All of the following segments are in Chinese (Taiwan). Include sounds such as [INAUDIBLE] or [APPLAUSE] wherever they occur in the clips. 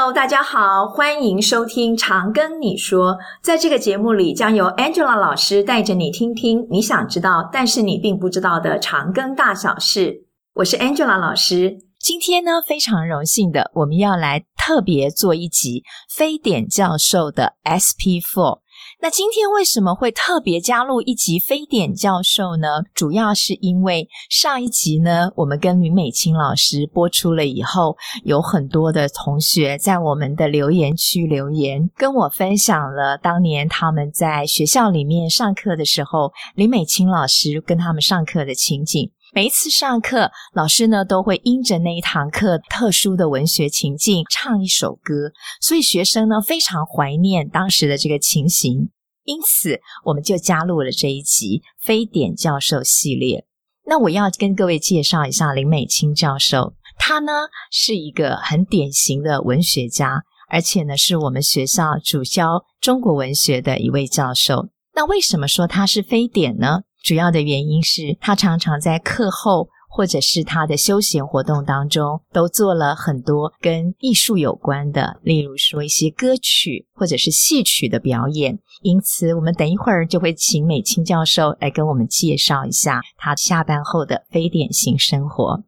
Hello，大家好，歡迎收聽《長庚你說》。在這個節目裡，將由 Angela 老師帶着你聽聽你想知道，但是你並不知道的長庚大小事。我是 Angela 老師。今天呢，非常榮幸的，我們要來特別做一集非典教授的 SP Four。那今天為什麼會特別加入一集非典教授呢？主要是因為上一集呢，我們跟林美清老師播出了以後，有很多的同學在我們的留言區留言，跟我分享了當年他們在學校裡面上課的時候，林美清老師跟他們上課的情景。每一次上課，老師呢都會因着那一堂課特殊的文學情境唱一首歌，所以學生呢非常懷念當時的這個情形。因此，我們就加入了這一集“非典教授”系列。那我要跟各位介紹一下林美清教授，他呢是一個很典型的文學家，而且呢是我們學校主教中國文學的一位教授。那為什麼說他是非典呢？主要的原因是他常常在課後。或者是他的休閒活動當中，都做了很多跟藝術有關的，例如說一些歌曲或者是戲曲的表演。因此，我們等一會兒就會請美清教授來跟我們介紹一下他下班後的非典型生活。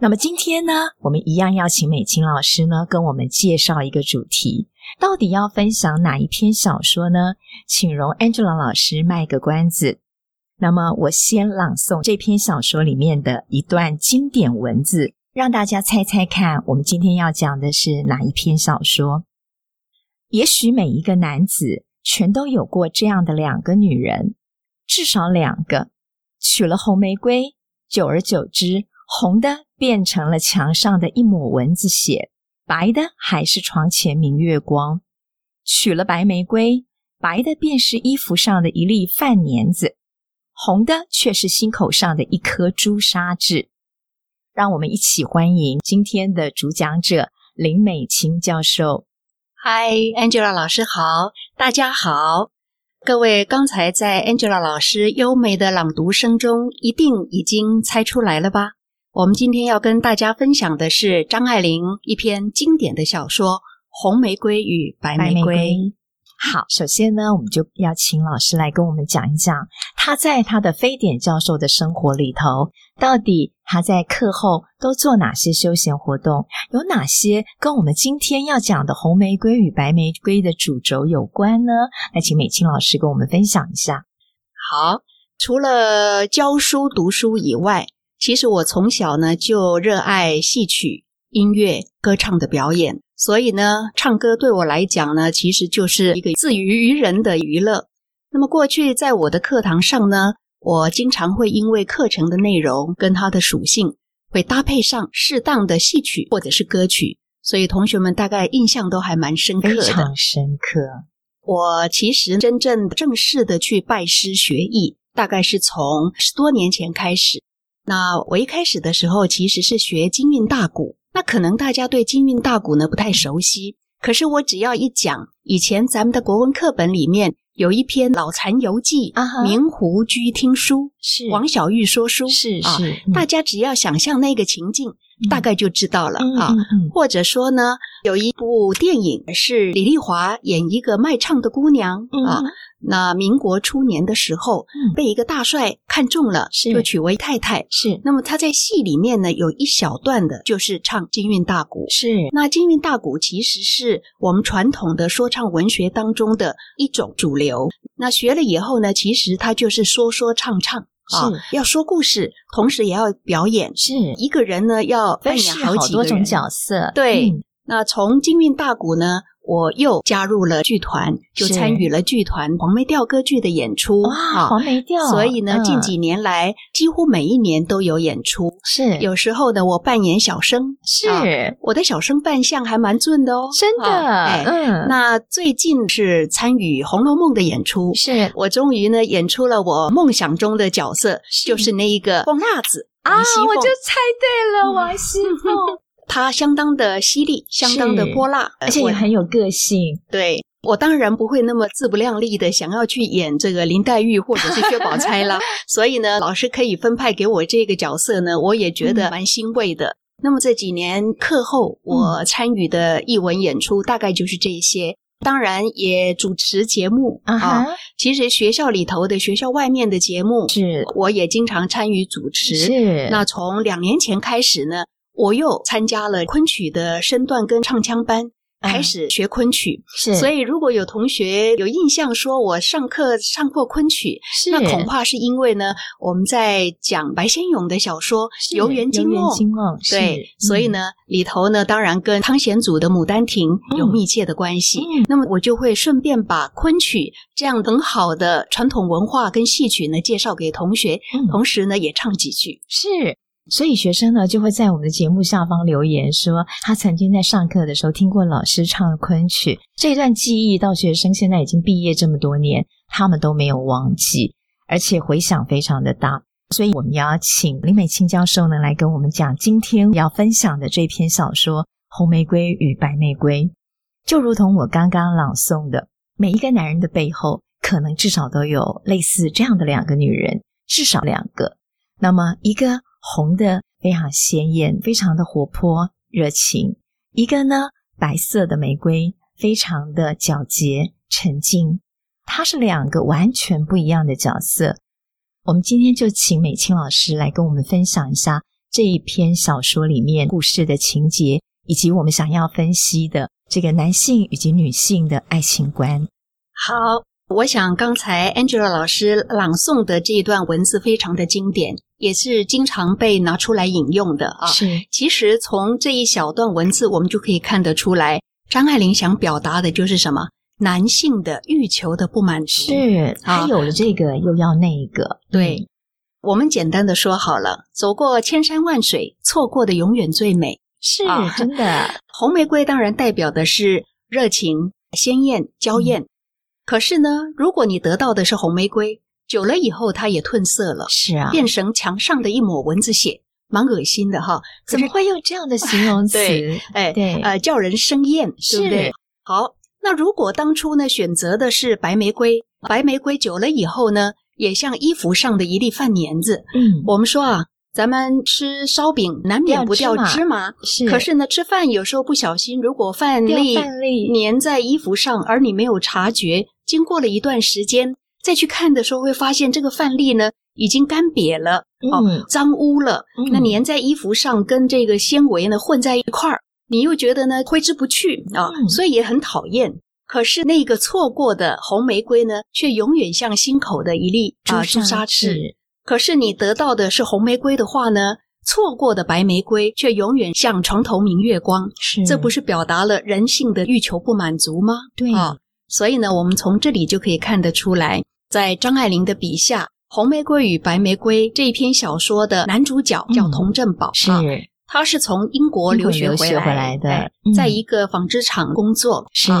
那麼今天呢，我們一樣要請美清老師呢跟我們介紹一個主題，到底要分享哪一篇小說呢？請容 Angela 老師賣個關子。那麼，我先朗誦這篇小說裡面的一段經典文字，讓大家猜猜看，我們今天要講的是哪一篇小說？也許每一個男子全都有過這樣的兩個女人，至少兩個。娶了紅玫瑰，久而久之，紅的變成了牆上的一抹蚊子血，白的還是床前明月光。娶了白玫瑰，白的便是衣服上的一粒飯粘子。紅的卻是心口上的一顆朱砂痣。讓我們一起歡迎今天的主講者林美清教授。Hi，Angela 老師好，大家好，各位剛才在 Angela 老師優美的朗讀聲中，一定已經猜出來了吧？我們今天要跟大家分享的是張愛玲一篇經典的小說《紅玫瑰與白玫瑰》。好，首先呢，我們就要請老師來跟我們講一講他在他的非典教授的生活裡頭，到底他在課後都做哪些休閒活動，有哪些跟我們今天要講的紅玫瑰與白玫瑰的主軸有關呢？來，請美清老師跟我們分享一下。好，除了教書讀書以外，其實我從小呢就熱愛戲曲、音樂、歌唱的表演。所以呢，唱歌對我來講呢，其實就是一個自娛娛人的娛樂。那麼過去在我的課堂上呢，我經常會因為課程的內容跟它的屬性，會搭配上適當的戲曲或者是歌曲，所以同學們大概印象都還蠻深刻的。非常深刻。我其實真正正式的去拜師學藝，大概是從十多年前開始。那我一開始的時候，其實是學京韻大鼓。那可能大家對京韻大鼓呢不太熟悉。嗯，可是我只要一講，以前咱們的國文課本裡面有一篇《老殘遊記》uh -huh，啊明湖居聽書是王小玉說書是是、啊嗯，大家只要想象那個情境，嗯、大概就知道了。嗯、啊、嗯。或者說呢，有一部電影是李麗華演一個賣唱的姑娘。嗯、啊。那民國初年的時候，嗯、被一個大帥看中了，就娶為太太。是，那麼他在戲裡面呢，有一小段的，就是唱京韻大鼓。是，那京韻大鼓其實是我們傳統的說唱文學當中的一種主流。那學了以後呢，其實他就是說說唱唱啊、哦，要說故事，同時也要表演。是，一個人呢要扮演好，幾好多種角色。對，嗯、那從京韻大鼓呢，我又加入了劇團，就參與了劇團黃梅調歌劇的演出。哇、哦哦，黃梅調。所以呢，嗯、近幾年來幾乎每一年都有演出。是，有時候呢，我扮演小生，是、哦、我的小生扮相還蠻俊的哦，真的。哦、嗯、哎，那最近是參與《紅樓夢》的演出，是我終於呢演出了我夢想中的角色，是就是那一個鳳辣子。鳳啊，我就猜對了，嗯、王熙鳳。 [LAUGHS] 他相當的犀利，相當的潑辣，而且也很有個性。對，我當然不會那麼自不量力的想要去演這個林黛玉或者是薛寶釵啦。 [LAUGHS] 所以呢，老師可以分派給我這個角色呢，我也覺得蠻欣慰的、嗯。那麼這幾年課後我參與的藝文演出、嗯、大概就是這些，當然也主持節目、uh-huh. 啊。其實學校裡頭的、學校外面的節目是我也經常參與主持。是，那從兩年前開始呢。我又參加了昆曲的身段跟唱腔班、嗯，開始學昆曲。是，所以如果有同學有印象，說我上課唱過昆曲，是，那恐怕是因為呢，我們在講白先勇的小說《遊園驚夢》。夢，對，是、嗯，所以呢，裡頭呢，當然跟湯顯祖的《牡丹亭》有密切的關係、嗯。那麼我就會順便把昆曲這樣很好的傳統文化跟戲曲呢介紹給同學，嗯、同時呢也唱幾句。嗯、是。所以學生呢就會在我們的節目下方留言說，他曾經在上課的時候聽過老師唱崑曲，這段記憶到學生現在已經畢業這麼多年，他們都沒有忘記，而且回響非常的大。所以我們要請林美清教授呢來跟我們講今天要分享的這篇小說《紅玫瑰與白玫瑰》，就如同我剛剛朗誦的，每一個男人的背後，可能至少都有類似這樣的兩個女人，至少兩個。那麼一個。紅的非常鮮豔，非常的活潑熱情；一個呢，白色的玫瑰，非常的皎潔沉靜。它是兩個完全不一樣的角色。我們今天就請美清老師來跟我們分享一下這一篇小說裡面故事的情節，以及我們想要分析的這個男性以及女性的愛情觀。好。我想剛才 Angela 老師朗誦的這一段文字非常的經典，也是經常被拿出來引用的啊。是，其實從這一小段文字，我們就可以看得出來，張愛玲想表達的就是什麼？男性的欲求的不滿是，他有了這個、啊、又要那個。對，我們簡單的說好了，走過千山萬水，錯過的永遠最美。是，啊、真的。紅玫瑰當然代表的是熱情、鮮艷、嬌艷。嗯可是呢，如果你得到的是紅玫瑰，久了以後它也褪色了，是啊，變成牆上的一抹蚊子血，蠻噁心的哈。怎麼會用這樣的形容詞？哎， [LAUGHS] 對，對哎，呃，叫人生厭，對不對？好，那如果當初呢，選擇的是白玫瑰，啊，白玫瑰久了以後呢，也像衣服上的一粒飯粘子。嗯，我們說啊，咱們吃燒餅難免不掉芝麻，芝麻是。可是呢，吃飯有時候不小心，如果飯粒，粒粘在衣服上，衣服上而你沒有察覺。經過了一段時間，再去看的時候，會發現這個飯粒呢已經乾癟了，好、嗯啊、髒污了。嗯、那粘在衣服上，跟這個纖維呢混在一塊兒、嗯，你又覺得呢揮之不去啊、嗯，所以也很討厭。可是那個錯過的紅玫瑰呢，卻永遠像心口的一粒、啊、朱砂痣。可是你得到的是紅玫瑰的話呢，錯過的白玫瑰卻永遠像床頭明月光。是，這不是表達了人性的欲求不滿足嗎？對啊。所以呢，我們從這裡就可以看得出來，在張愛玲的筆下，《紅玫瑰與白玫瑰》這一篇小說的男主角叫佟振保，嗯、是、啊、他是從英國留學回來的，來的嗯哎、在一個紡織廠工作。嗯、是、啊、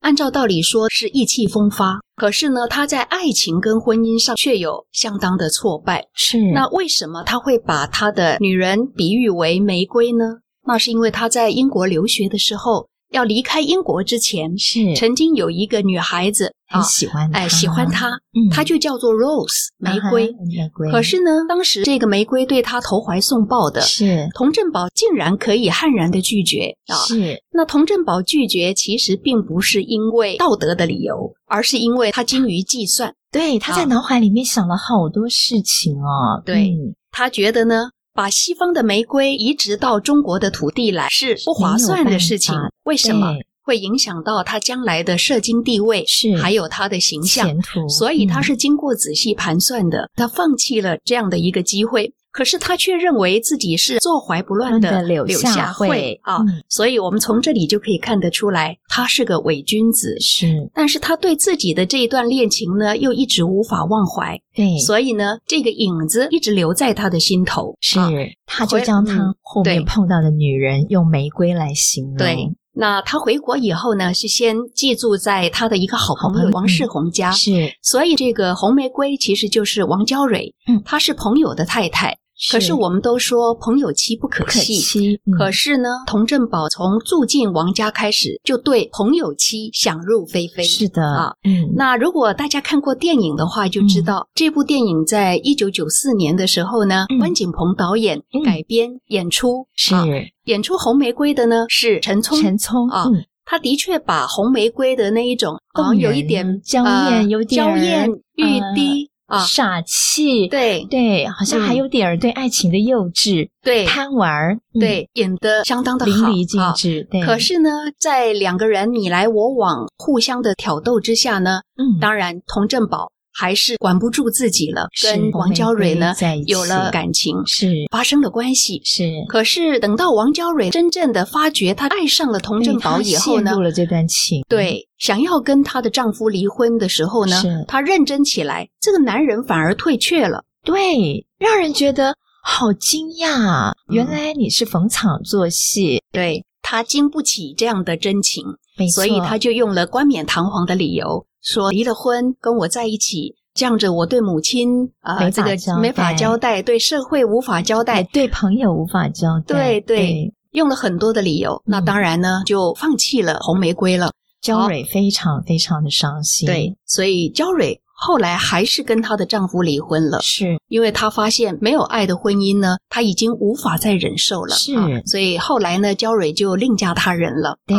按照道理說是意氣風發，可是呢，他在愛情跟婚姻上卻有相當的挫敗。是。那為什麼他會把他的女人比喻為玫瑰呢？那是因為他在英國留學的時候。要離開英國之前，是曾經有一個女孩子很喜歡、哦，哎，喜歡他，他、嗯、就叫做 Rose 玫瑰，玫瑰。可是呢，當時這個玫瑰對他投懷送抱的，是佟振保竟然可以悍然的拒絕啊、哦！是那佟振保拒絕，其實並不是因為道德的理由，而是因為他精於計算，啊、對，他、哦、在腦海裡面想了好多事情哦。對，他、嗯、覺得呢。把西方的玫瑰移植到中國的土地來，是不划算的事情。為什麼？會影響到他將來的社經地位，是還有他的形象前途。所以他是經過仔細盤算的，嗯，他放棄了這樣的一個機會。可是他卻認為自己是坐懷不亂的柳下惠，嗯、啊，所以我們從這裡就可以看得出來，他是個偽君子。是，但是他對自己的這一段戀情呢，又一直無法忘懷。對，所以呢，這個影子一直留在他的心頭。是，啊、他就將他後面碰到的女人用玫瑰來形容。嗯、對。對那他回國以後呢，是先寄住在他的一個好朋友王世宏家，嗯、是，所以這個紅玫瑰其實就是王嬌蕊，她、嗯、是朋友的太太。是，可是我們都說朋友妻不可欺，嗯，可是呢，佟振寶從住進王家開始，就對朋友妻想入非非。是的啊，嗯，那如果大家看過電影的話，就知道，嗯，這部電影在一九九四年的時候呢，關，嗯，錦鵬導演改編演出，嗯嗯，是，、啊，是演出《紅玫瑰》的呢，是陳沖，陳沖啊，嗯，他的確把紅玫瑰的那一種啊，哦，有一點嬌豔，有點嬌豔欲滴。嗯哦、傻氣，對對，好像還有點兒對愛情的幼稚，對貪玩兒，對、嗯、對演得相當的好淋漓盡致、哦。對，可是呢，在兩個人你來我往，互相的挑逗之下呢，嗯，當然童正寶。還是管不住自己了，跟王嬌蕊呢有了感情，是發生了關係是，是。可是等到王嬌蕊真正的發覺她愛上了佟振保以後呢，陷入、哎、了這段情，對，想要跟她的丈夫離婚的時候呢，她認真起來，這個男人反而退卻了，對，讓人覺得好驚訝、嗯，原來你是逢場作戲，對。他經不起這樣的真情，所以他就用了冠冕堂皇的理由，說離了婚跟我在一起，這樣子我對母親啊、呃、這個沒法交代，對社會無法交代，對朋友無法交代，對對，對，用了很多的理由、嗯。那當然呢，就放棄了紅玫瑰了。嬌蕊非常非常的傷心，對，所以嬌蕊。後來還是跟她的丈夫離婚了，是，因為她發現沒有愛的婚姻呢，她已經無法再忍受了，是，啊、所以後來呢，嬌蕊就另嫁他人了，對。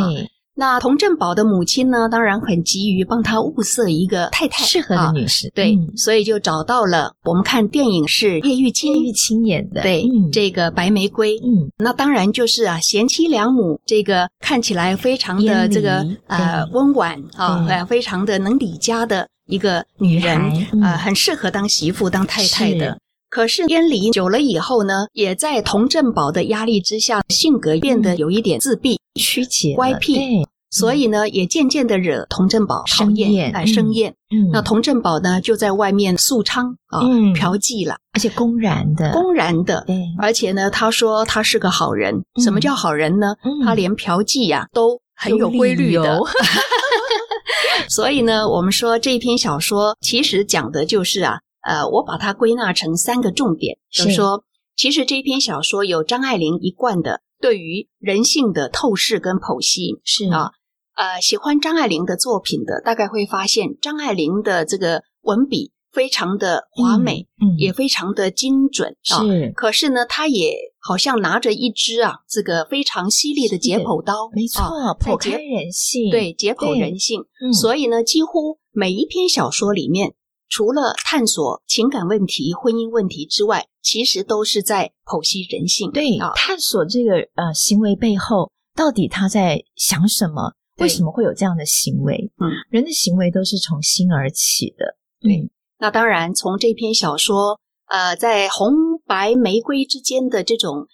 那佟振保的母親呢？當然很急於幫他物色一個太太，適合的女士。啊、對、嗯，所以就找到了。我們看電影是葉玉卿葉玉卿演的，對、嗯，這個白玫瑰。嗯，那當然就是啊，賢妻良母，這個看起來非常的這個呃溫婉啊，非常的能理家的一個女人啊、呃，很適合當媳婦、當太太的。可是煙離久了以後呢，也在童振寶的壓力之下，性格變得有一點自閉、曲、嗯、解、乖僻，所以呢，嗯、也漸漸的惹童振寶討厭、生厭。呃嗯厭嗯、那童振寶呢，就在外面宿娼啊、嗯、嫖妓了，而且公然的、公然的，而且呢，他說他是個好人。嗯、什麼叫好人呢？嗯、他連嫖妓呀、啊、都很有規律的。 [LAUGHS] [LAUGHS] [LAUGHS] 所以呢，我們說這篇小說其實講的就是啊。呃，我把它歸納成三個重點，就是說是，其實這篇小說有張愛玲一貫的對於人性的透視跟剖析，是啊。呃，喜歡張愛玲的作品的，大概會發現張愛玲的這個文筆非常的華美，嗯，也非常的精準，嗯啊、是。可是呢，她也好像拿着一支啊，這個非常犀利的解剖刀，沒錯、啊，剖開人性，對，解剖人性、嗯。所以呢，幾乎每一篇小說裡面。除了探索情感問題、婚姻問題之外，其實都是在剖析人性。對，啊，探索這個呃行為背後，到底他在想什麼？為什麼會有這樣的行為？嗯，人的行為都是從心而起的。嗯，對，那當然，從這篇小說呃，在紅白玫瑰之間的這種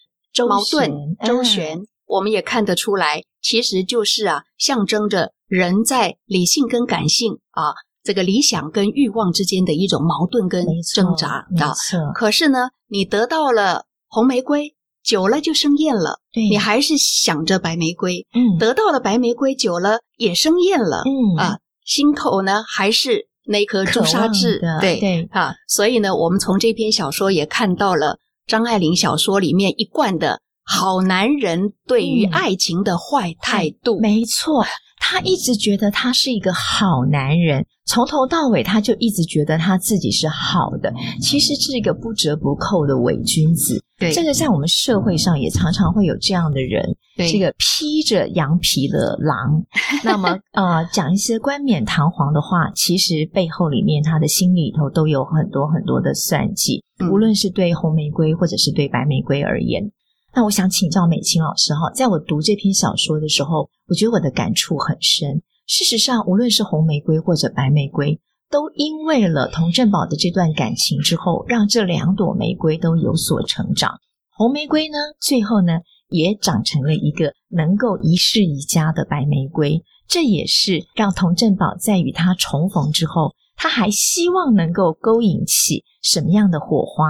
矛盾周旋，周旋，啊，我們也看得出來，其實就是啊，象徵着人在理性跟感性啊。這個理想跟慾望之間的一種矛盾跟掙扎，啊，可是呢，你得到了紅玫瑰，久了就生厭了對，你還是想着白玫瑰。嗯，得到了白玫瑰，久了也生厭了。嗯啊，心口呢還是那顆朱砂痣。對對啊，所以呢，我們從這篇小說也看到了張愛玲小說裡面一貫的。好男人對於愛情的壞態度。嗯，沒錯，他一直覺得他是一個好男人，從頭到尾他就一直覺得他自己是好的，其實是一個不折不扣的偽君子。對，這個在我們社會上也常常會有這樣的人，這個披着羊皮的狼。那麼啊， [LAUGHS] 呃，講一些冠冕堂皇的話，其實背後裡面他的心裡頭都有很多很多的算計，無、嗯、論是對紅玫瑰或者是對白玫瑰而言。那我想請教美清老師哈，在我讀這篇小說的時候，我覺得我的感觸很深。事實上，無論是紅玫瑰或者白玫瑰，都因為了佟振保的這段感情之後，讓這兩朵玫瑰都有所成長。紅玫瑰呢，最後呢，也長成了一個能夠宜室宜家的白玫瑰。這也是讓佟振保在與她重逢之後，她還希望能夠勾引起什麼樣的火花？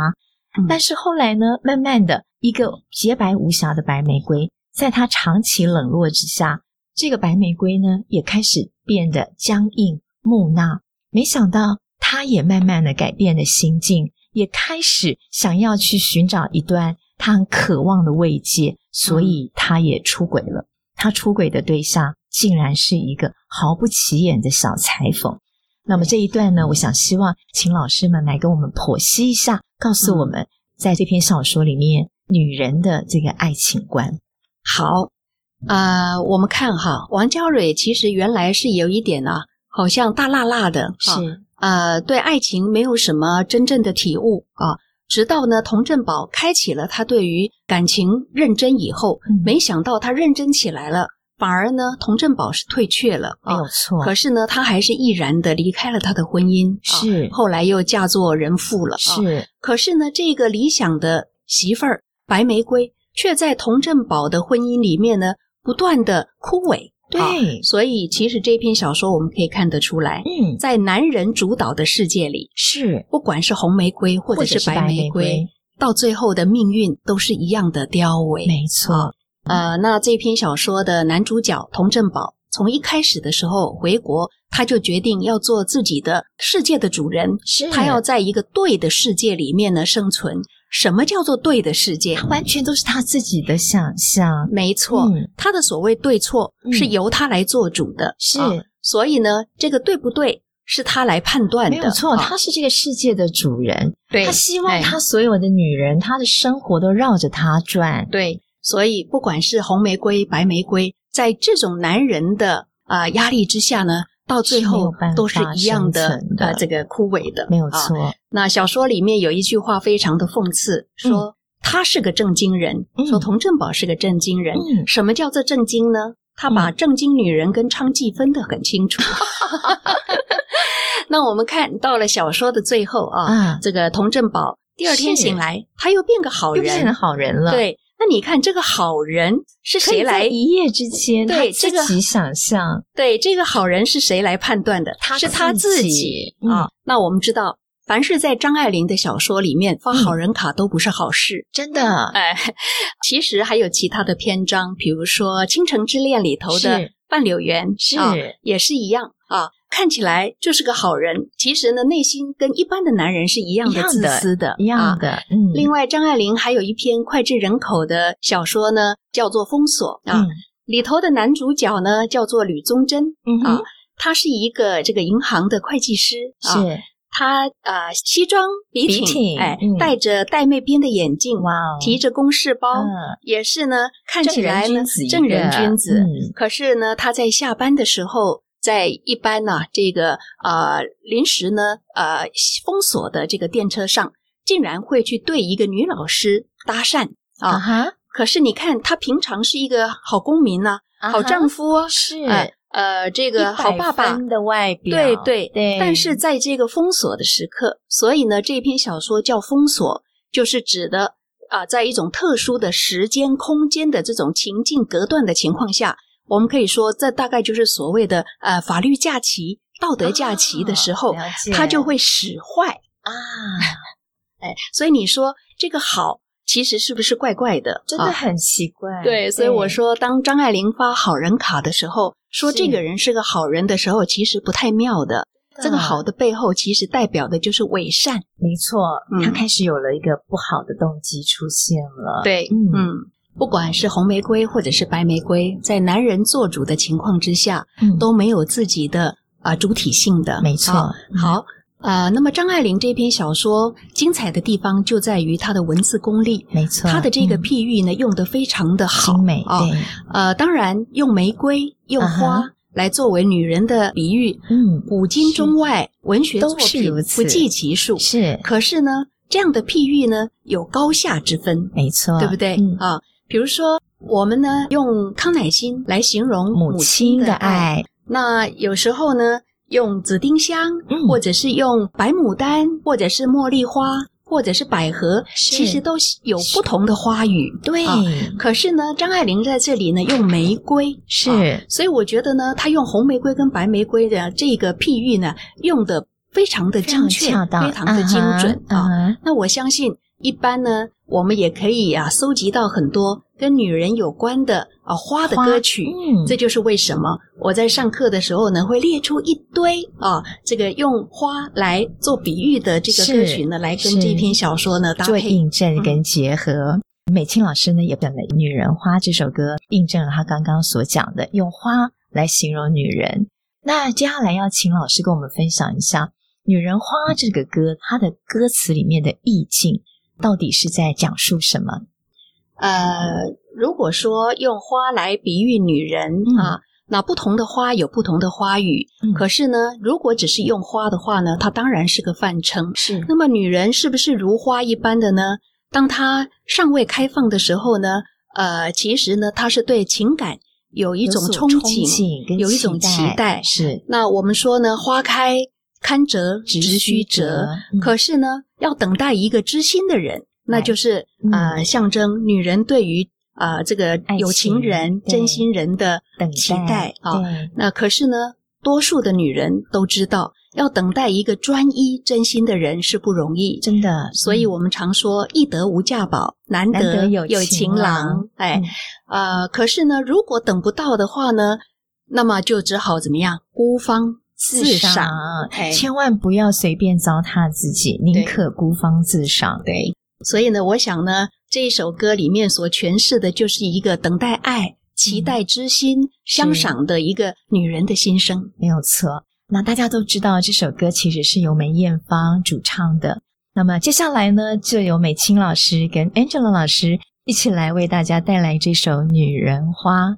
嗯、但是後來呢，慢慢的。一個潔白無瑕的白玫瑰，在他長期冷落之下，這個白玫瑰呢，也開始變得僵硬木訥。沒想到，他也慢慢的改變了心境，也開始想要去尋找一段他很渴望的慰藉，所以他也出軌了。他、嗯、出軌的對象竟然是一個毫不起眼的小裁縫。那麼這一段呢，我想希望請老師們來給我們剖析一下，告訴我們在這篇小說裡面。嗯女人的這個愛情觀，好，啊、呃，我們看哈，王嬌蕊其實原來是有一點呢、啊，好像大辣辣的、啊，是，呃，對愛情沒有什麼真正的體悟啊。直到呢，佟振保開啟了他對於感情認真以後、嗯，沒想到他認真起來了，反而呢，佟振保是退卻了，沒有錯、啊。可是呢，他還是毅然的離開了他的婚姻，是，啊、後來又嫁作人婦了，是、啊。可是呢，這個理想的媳婦兒。白玫瑰卻在佟振保的婚姻裡面呢，不斷的枯萎。對、啊，所以其實這篇小說我們可以看得出來，嗯，在男人主導的世界裡，是不管是紅玫瑰，或者，玫瑰或者是白玫瑰，到最後的命運都是一樣的凋萎。沒錯。呃、啊嗯，那這篇小說的男主角佟振保從一開始的時候回國，他就決定要做自己的世界的主人，是他要在一個對的世界裡面呢生存。什麼叫做對的世界？他完全都是他自己的想象。沒錯，嗯、他的所謂對錯、嗯、是由他來做主的。是，哦、所以呢，這個對不對是他來判斷的。沒錯、哦，他是這個世界的主人。對，他希望他所有的女人，他的生活都繞着他轉。對，所以不管是紅玫瑰、白玫瑰，在這種男人的啊、呃、壓力之下呢。到最後都是一樣的，這個枯萎的，沒的，枯萎的，啊，沒有錯。那小說裡面有一句話非常的諷刺，說他是個正經人，嗯、說佟振保是個正經人、嗯。什麼叫做正經呢？他把正經女人跟娼妓分得很清楚。嗯、 [LAUGHS] [LAUGHS] 那我們看到了小說的最後啊，啊這個佟振保第二天醒來，他又變個好人，又變成好人了。對。那你看，這個好人是誰來？在一夜之間，對，自己想象對、這個。對，這個好人是誰來判斷的？他是他自己啊、嗯哦。那我們知道，凡是在張愛玲的小說裡面放好人卡都不是好事、嗯，真的。哎，其實還有其他的篇章，比如說《傾城之戀》裡頭的范柳原是,、哦、是，也是一樣啊。哦看起來就是個好人，其實呢，內心跟一般的男人是一樣的自私的，一樣的。啊嗯、另外，張愛玲還有一篇膾炙人口的小說呢，叫做《封鎖》啊、嗯。裡頭的男主角呢，叫做呂宗楨啊，他、嗯、是一個這個銀行的會計師。是。他啊、呃，西裝筆挺，哎，戴、嗯、着玳瑁邊的眼鏡，哇哦，提着公事包、嗯，也是呢，看起來呢，正人君子，正人君子、嗯。可是呢，他在下班的時候。在一般呢、啊，這個啊、呃、臨時呢，呃，封鎖的這個電車上，竟然會去對一個女老師搭訕啊！Uh-huh. 可是你看，她平常是一個好公民呢、啊，uh-huh. 好丈夫、啊、是呃，這個好爸爸的外表，對對對。但是在這個封鎖的時刻，所以呢，這篇小說叫《封鎖》，就是指的啊、呃，在一種特殊的時間、空間的這種情境隔斷的情況下。我們可以說，這大概就是所謂的呃法律假期、道德假期的時候，啊、他就會使壞啊！ [LAUGHS] 哎，所以你說這個好，其實是不是怪怪的？真的很奇怪。啊、對，所以我說、哎，當張愛玲發好人卡的時候，說這個人是個好人的時候，其實不太妙的。這個好的背後，其實代表的就是偽善。沒錯、嗯，他開始有了一個不好的動機出現了。對，嗯。嗯不管是紅玫瑰或者是白玫瑰，在男人做主的情況之下，嗯、都沒有自己的啊、呃、主體性的，沒錯。啊嗯、好呃，那麼張愛玲這篇小說精彩的地方就在於她的文字功力，沒錯。她的這個譬喻呢、嗯，用得非常的好，精美啊、哦。呃，當然用玫瑰、用花來作為女人的比喻，嗯，古今中外是文學作品都是不計其數，是。可是呢，這樣的譬喻呢，有高下之分，沒錯，對不對、嗯、啊？比如說，我們呢，用康乃馨來形容母親的愛，的愛。那有時候呢用紫丁香、嗯，或者是用白牡丹，或者是茉莉花，或者是百合，其實都有不同的花語。對、哦，可是呢，張愛玲在這裡呢用玫瑰，是、哦，所以我覺得呢，她用紅玫瑰跟白玫瑰的這個譬喻呢，用得非常的正確，非常的精準啊、嗯哦嗯。那我相信，一般呢。我們也可以啊，蒐集到很多跟女人有關的啊花的歌曲，嗯，這就是為什麼我在上課的時候呢，會列出一堆啊，這個用花來做比喻的這個歌曲呢，來跟這篇小說呢搭配印證跟結合。嗯，美清老師呢，也表了《女人花》這首歌，印證了他剛剛所講的用花來形容女人。那接下來要請老師跟我們分享一下《女人花》這個歌，它的歌詞裡面的意境。到底是在講述什麼？呃，如果說用花來比喻女人，嗯、啊，那不同的花有不同的花語，嗯。可是呢，如果只是用花的話呢，它當然是個泛稱。是。那麼女人是不是如花一般的呢？當她尚未開放的時候呢，呃，其實呢，她是對情感有一種憧憬，有憧憬有一種期待。是。那我們說呢，花開。堪折直須折、嗯，可是呢，要等待一個知心的人，嗯、那就是、嗯、呃象徵女人對於呃這個有情人情、真心人的期待啊。那可是呢，多數的女人都知道，要等待一個專一、真心的人是不容易，真的。所以我們常說“嗯、易得無價寶，難得有情難得有情郎”嗯。哎，呃，可是呢，如果等不到的話呢，那麼就只好怎麼樣，孤芳。自賞，千萬不要隨便糟蹋自己，hey, 寧可孤芳自賞對對。對，所以呢，我想呢，這一首歌裡面所詮釋的，就是一個等待愛、嗯、期待之心、相賞的一個女人的心聲，沒有錯。那大家都知道，這首歌其實是由梅艷芳主唱的。那麼接下來呢，就由美清老師跟 Angela 老師一起來為大家帶來這首《女人花》。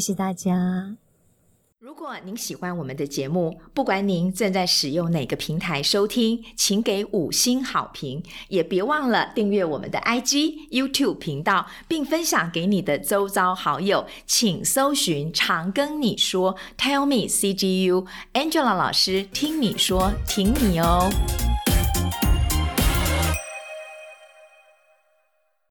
謝謝大家。如果您喜歡我們的節目，不管您正在使用哪個平台收聽，請給五星好評，也別忘了訂閱我們的 IG、YouTube 頻道，並分享給你的周遭好友。請搜尋“長庚你說 ”，Tell me CGU Angela 老師聽你說，聽你哦。